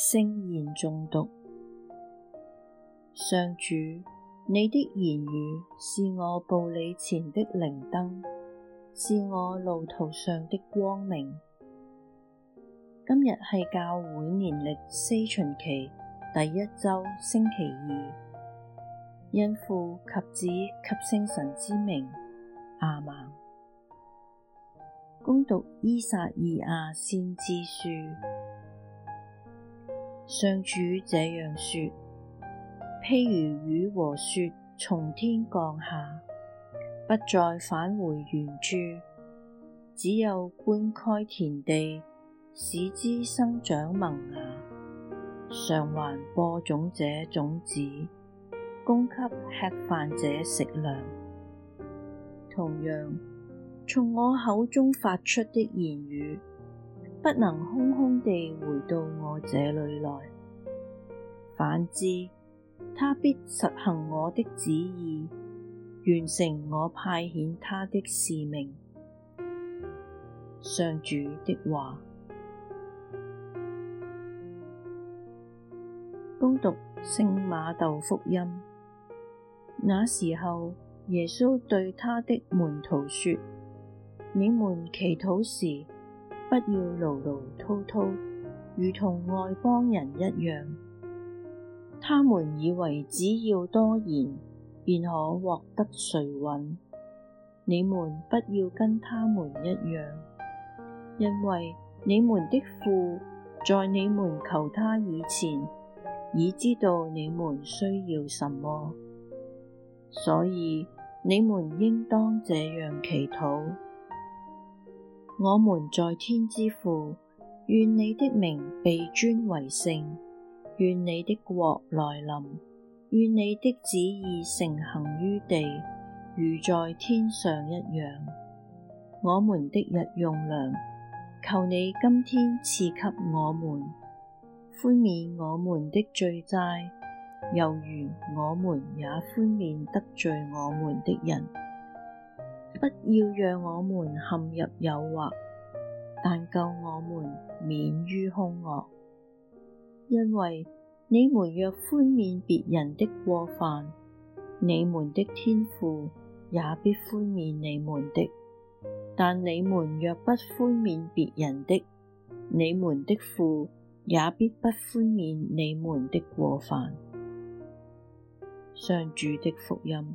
聖言誦讀。上主，你的言語是我步履前的靈燈，是我路途上的光明。今日係教會年曆四旬期第一周星期二，因父及子及聖神之名阿瑪，恭讀依撒意亞先知書。上主這樣說：譬如雨和雪從天降下，不再返回原處，只有灌溉田地，使之生長萌芽，償還播種者種子，供給吃飯者食糧。同樣，從我口中發出的言語。不能空空地回到我這裏來，反之，他必實行我的旨意，完成我派遣他的使命。上主的話。恭讀聖馬竇福音。那時候，耶穌對他的門徒說：你們祈禱時，不要勞勞叨叨，如同外邦人一樣。他們以為只要多言，便可獲得垂允。你們不要跟他們一樣，因為你們的父，在你們求他以前，已知道你們需要什麼，所以你們應當這樣祈禱。我們在天之父，願你的名被尊為聖，願你的國來臨，願你的旨意承行於地，如在天上一樣。我們的日用糧，求你今天賜給我們，寬免我們的罪債，猶如我們也寬免得罪我們的人。不要讓我們陷入誘惑，但救我們免於凶惡。因為你們若寬免別人的過犯，你們的天父也必寬免你們的；但你們若不寬免別人的，你們的父也必不寬免你們的過犯。上主的福音。